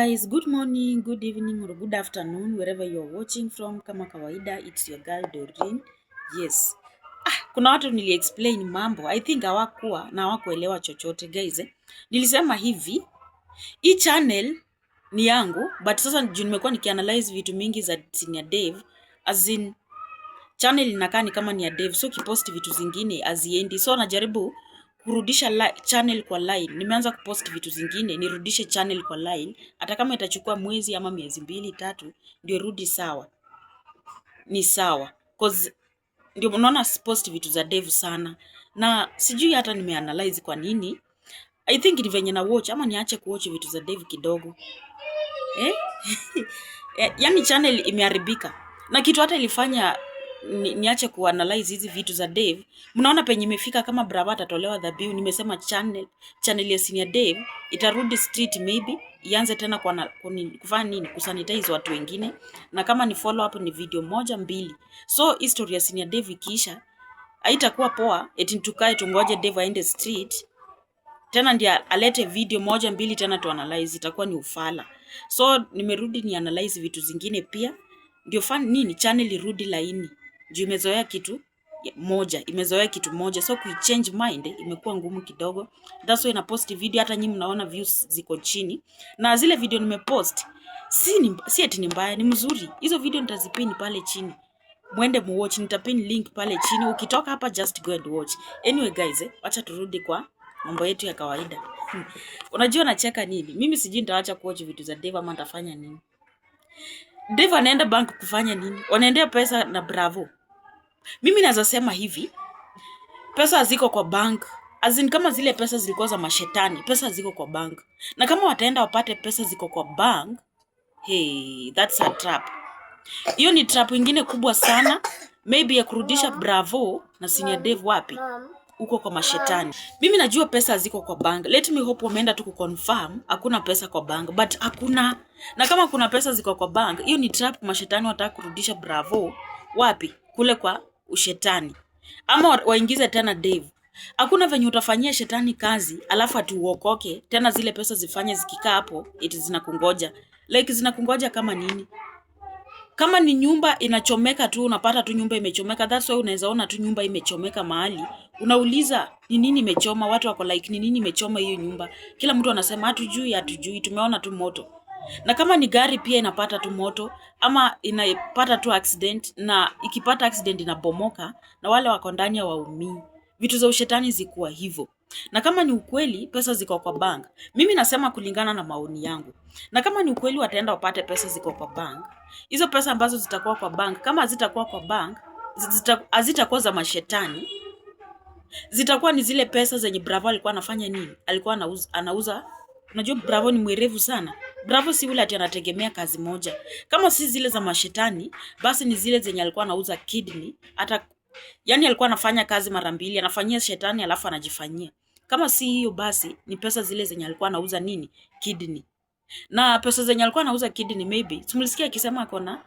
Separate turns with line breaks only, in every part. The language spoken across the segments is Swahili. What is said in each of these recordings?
guys good morning good evening or good afternoon wherever you are watching from kama kawaida it's your girl Doreen yes ah, kuna watu nili explain mambo i think hawakuwa na hawakuelewa chochote guys eh? nilisema hivi hii channel ni yangu but sasa juu nimekuwa nikianalyze vitu mingi za senior Dave as in channel inakaa ni kama ni ya Dave so kipost vitu zingine aziendi so najaribu kurudisha channel kwa line, nimeanza kupost vitu zingine, nirudishe channel kwa line, hata kama itachukua mwezi ama miezi mbili tatu, ndio rudi sawa, ni sawa cause ndio unaona post vitu za devu sana, na sijui hata nimeanalyze kwa nini. I think ni venye na watch ama niache kuwatch vitu za devu kidogo eh? yani channel imeharibika na kitu hata ilifanya ni, niache kuanalyze hizi vitu za Dave. Mnaona penye imefika, kama Brava atatolewa dhabihu, nimesema channel channel ya senior Dave itarudi street, maybe ianze tena kwa kufanya nini, kusanitize watu wengine, na kama ni follow up ni video moja mbili, so history ya senior Dave ikiisha haitakuwa poa, eti tukae tungoje Dave aende street tena ndiye alete video moja mbili tena tu analyze, itakuwa ni ufala. So nimerudi ni analyze vitu zingine pia, ndio fan nini channel irudi laini juu imezoea kitu moja, imezoea kitu moja, so kuichange mind imekuwa ngumu kidogo. That's why na post video, hata nyinyi mnaona views ziko chini, na zile video nimepost si ni, si eti ni mbaya, ni mzuri. Hizo video nitazipini pale chini, mwende muwatch, nitapin link pale chini. Ukitoka hapa just go and watch. Anyway guys, eh, acha turudi kwa mambo yetu ya kawaida. Unajua nacheka nini? Mimi sijui nitaacha kuwatch vitu za Dave ama nitafanya nini? Dave anaenda bank kufanya nini? Wanaendea pesa na Bravo. Mimi naweza sema hivi, pesa ziko kwa bank azin kama zile pesa zilikuwa za mashetani, pesa ziko kwa bank, na kama wataenda wapate pesa ziko kwa bank, hey, that's a trap. Hiyo ni trap ingine kubwa sana, maybe ya kurudisha Bravo na Senior dev wapi huko kwa mashetani. Mimi najua pesa ziko kwa bank. Let me hope wameenda tu kuconfirm hakuna pesa kwa bank, but hakuna na kama kuna pesa ziko kwa bank, hiyo ni trap mashetani wataka kurudisha Bravo wapi? Kule kwa ushetani ama waingize tena Dave. Hakuna venye utafanyia shetani kazi alafu atiuokoke tena, zile pesa zifanye zikikaa hapo eti zinakungoja. Like zinakungoja kama nini? Kama ni nyumba inachomeka tu, unapata tu nyumba imechomeka. That's why unaweza ona tu nyumba imechomeka mahali, unauliza ni nini imechoma. Watu wako like ni nini imechoma hiyo nyumba? Kila mtu anasema hatujui, hatujui, tumeona tu moto na kama ni gari pia inapata tu moto ama inapata tu accident, na ikipata accident inabomoka na wale wako ndani hawaumii. Vitu za ushetani zikuwa hivyo, na kama ni ukweli, pesa ziko kwa bank. Mimi nasema kulingana na maoni yangu, na kama ni ukweli, wataenda wapate pesa ziko kwa bank. Hizo pesa ambazo zitakuwa kwa bank, kama hazitakuwa kwa bank, hazitakuwa za mashetani, zitakuwa ni zile pesa zenye Bravo alikuwa anafanya nini, alikuwa anauza, anauza. Unajua Bravo ni mwerevu sana. Bravo si yule ati anategemea kazi moja. Kama si zile za mashetani, basi ni zile zenye alikuwa anauza kidney, hata yani alikuwa anafanya kazi mara mbili, anafanyia shetani alafu anajifanyia. Kama si hiyo basi ni pesa zile zenye alikuwa anauza nini? Kidney. Na pesa zenye alikuwa anauza kidney maybe, simlisikia akisema ako na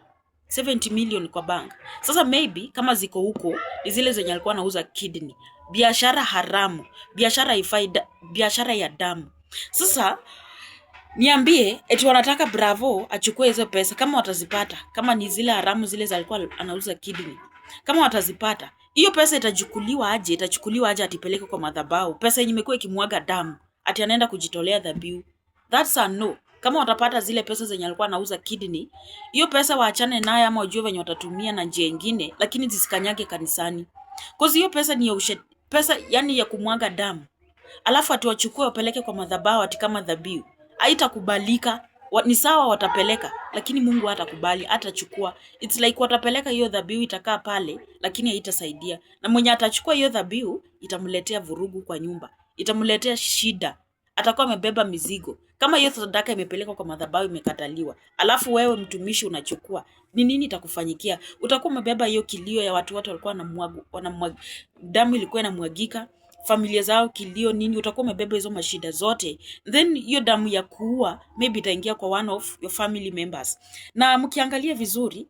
70 million kwa bank. Sasa maybe kama ziko huko ni zile zenye alikuwa anauza kidney. Biashara haramu, biashara ifaida, biashara ya damu. Sasa Niambie eti wanataka Bravo achukue hizo pesa, kama watazipata, kama ni zile haramu zile za alikuwa anauza kidney, kama watazipata hiyo pesa itachukuliwa aje? Itachukuliwa aje atipeleke kwa madhabahu? Pesa yenye imekuwa ikimwaga damu, ati anaenda kujitolea dhabihu. That's a no. Kama watapata zile pesa zenye alikuwa anauza kidney, hiyo pesa waachane naye, ama wajue venye watatumia na njia nyingine, lakini zisikanyage kanisani, cause hiyo pesa ni ya ushet, pesa yani ya kumwaga damu, alafu atuwachukue wapeleke kwa madhabahu ati kama dhabihu haitakubalika ni sawa, watapeleka lakini Mungu hatakubali, atachukua. It's like watapeleka hiyo dhabihu, itakaa pale lakini haitasaidia, na mwenye atachukua hiyo dhabihu itamletea vurugu kwa nyumba, itamletea shida, atakuwa amebeba mizigo. Kama hiyo sadaka imepelekwa kwa madhabahu imekataliwa, alafu wewe mtumishi unachukua, ni nini itakufanyikia? Utakuwa umebeba hiyo kilio ya watu, watu walikuwa wanamwaga damu, ilikuwa inamwagika familia zao, kilio nini, utakuwa umebeba hizo mashida zote, then hiyo damu ya kuua maybe itaingia kwa one of your family members. Na mkiangalia vizuri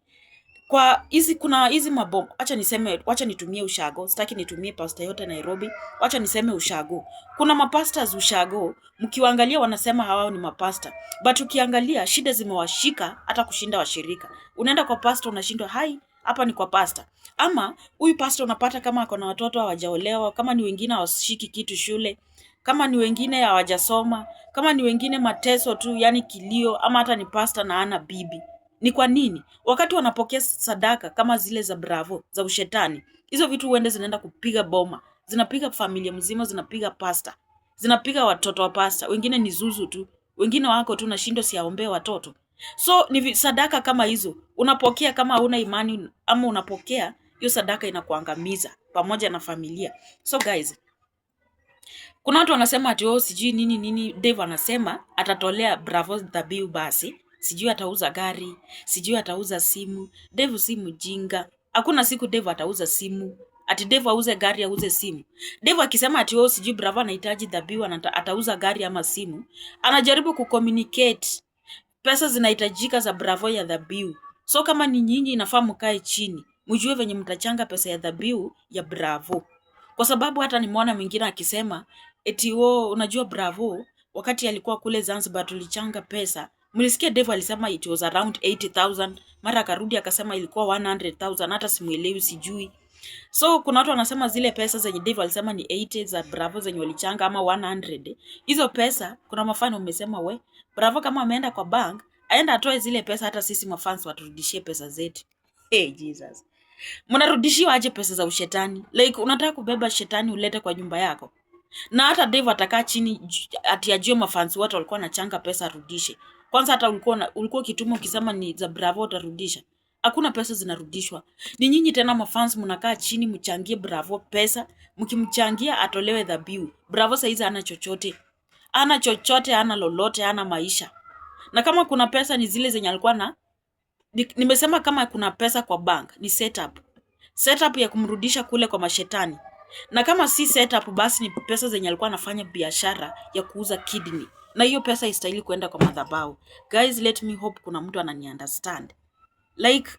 kwa hizi kuna hizi mabomu, acha niseme, acha nitumie ushago, sitaki nitumie pasta yote Nairobi, acha niseme ushago. Kuna mapastas ushago, mkiwaangalia wanasema hawao ni mapasta, but ukiangalia shida zimewashika hata kushinda washirika. Unaenda kwa pasta unashindwa hai hapa ni kwa pasta ama huyu pasta unapata kama ako na watoto hawajaolewa, kama ni wengine hawashiki kitu shule, kama ni wengine hawajasoma, kama ni wengine mateso tu, yani kilio, ama hata ni pasta na ana bibi. Ni kwa nini wakati wanapokea sadaka kama zile za Bravo za ushetani, hizo vitu huende zinaenda kupiga boma, zinapiga familia mzima, zinapiga pasta, zinapiga watoto wa pasta. Wengine ni zuzu tu, wengine wako tu na shindo, siaombee watoto So ni sadaka kama hizo unapokea, kama hauna imani ama unapokea hiyo sadaka, inakuangamiza pamoja na familia. So guys, kuna watu wanasema ati oh, sijui nini nini. Dave anasema atatolea Bravo dhabihu basi, sijui atauza gari, sijui atauza simu. Dave si mjinga, hakuna siku Dave atauza simu ati Dave auze gari auze simu. Dave akisema ati oh, sijui Bravo anahitaji dhabihu, atauza gari ama simu, anajaribu kucommunicate Pesa zinahitajika za Bravo ya dhabihu, so kama ni nyinyi, inafaa mkae chini mjue venye mtachanga pesa ya dhabihu ya Bravo, kwa sababu hata nimeona mwingine akisema eti wo, unajua Bravo wakati alikuwa kule Zanzibar tulichanga pesa Mlisikia Dave alisema it was around 80,000 mara akarudi akasema ilikuwa 100,000 hata simuelewi, sijui. So kuna watu wanasema zile pesa zenye Dave alisema ni 80 za Bravo zenye walichanga ama 100. Hizo pesa kuna mafano umesema we, Bravo kama ameenda kwa bank, aenda atoe zile pesa hata sisi mafans waturudishie pesa zetu. Hey, Jesus. Mnarudishiwa aje pesa za ushetani? Like unataka kubeba shetani ulete kwa nyumba yako? Na hata Dave atakaa chini ati ajue mafans wote walikuwa wanachanga pesa arudishe. Kwanza hata ulikuwa ulikuwa kituma ukisema ni za Bravo utarudisha hakuna pesa zinarudishwa. Ni nyinyi tena mafans mnakaa chini mchangie Bravo pesa, mkimchangia atolewe dhabihu. Bravo saizi ana chochote, Ana chochote, ana lolote, ana maisha. Na kama kuna pesa ni zile zenye alikuwa na nimesema, kama kuna pesa kwa bank ni setup, setup ya kumrudisha kule kwa mashetani, na kama si setup, basi ni pesa zenye alikuwa anafanya biashara ya kuuza kidney, na hiyo pesa istahili kwenda kwa madhabahu. Guys, let me hope kuna mtu ananiunderstand like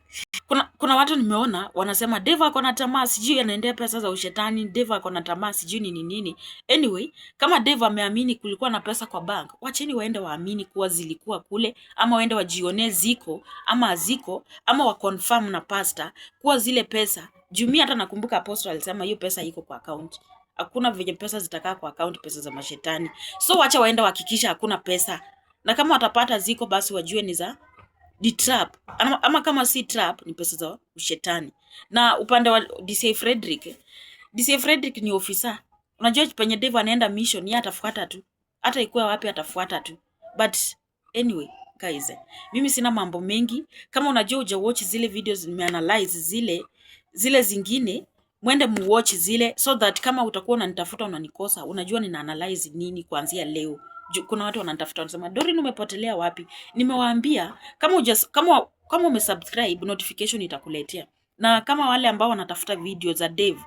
kuna, kuna watu nimeona wanasema Dave ako na tamaa, sijui anaendea pesa za ushetani, Dave ako na tamaa, sijui nini nini. Anyway, kama Dave ameamini kulikuwa na pesa kwa bank, wacheni waende waamini kuwa zilikuwa kule, ama waende wajionee ziko ama ziko ama wa confirm na pastor kuwa zile pesa jumia. Hata nakumbuka apostle alisema hiyo pesa iko kwa account Hakuna venye pesa zitakaa kwa account, pesa za mashetani. So wacha waende wahakikisha hakuna pesa, na kama watapata ziko, basi wajue ni za ni trap ama, ama kama si trap ni pesa za ushetani. Na upande wa DC Frederick, DC Frederick ni ofisa. Unajua penye Dave anaenda mission, yeye atafuata tu, hata ikuwa wapi atafuata tu. But anyway guys, mimi sina mambo mengi. Kama unajua uja watch zile videos nimeanalyze zile zile zingine mwende muwatch zile so that kama utakuwa unanitafuta unanikosa, unajua nina analyze nini kuanzia leo kuna watu wanatafuta wanasema, Doreen umepotelea wapi? Nimewaambia kama ujas, kama kama umesubscribe notification itakuletea, na kama wale ambao wanatafuta video za Dave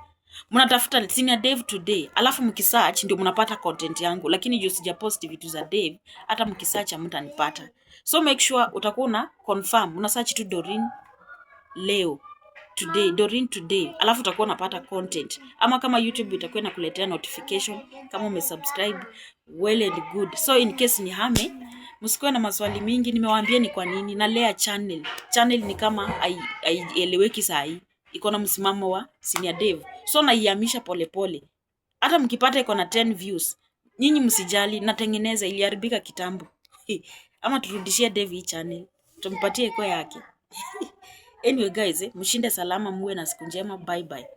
mnatafuta senior Dave today, alafu mkisearch ndio mnapata content yangu, lakini juu sija post vitu za Dave, hata mkisearch hamtanipata. So make sure utakuwa una confirm una search tu Dorin leo today, Doreen today, alafu utakuwa unapata content, ama kama YouTube itakuwa inakuletea notification kama umesubscribe. Well and good. So in case ni hame, msikuwe na maswali mingi, nimewaambia ni kwa nini na lea channel. Channel ni kama haieleweki saa hii, iko na msimamo wa senior dev, so naihamisha polepole. Hata mkipata iko na 10 views, nyinyi msijali, natengeneza, iliharibika kitambo ama turudishie dev hii channel, tumpatie iko yake Anyway guys, eh, mshinde salama, muwe na siku njema. Bye bye.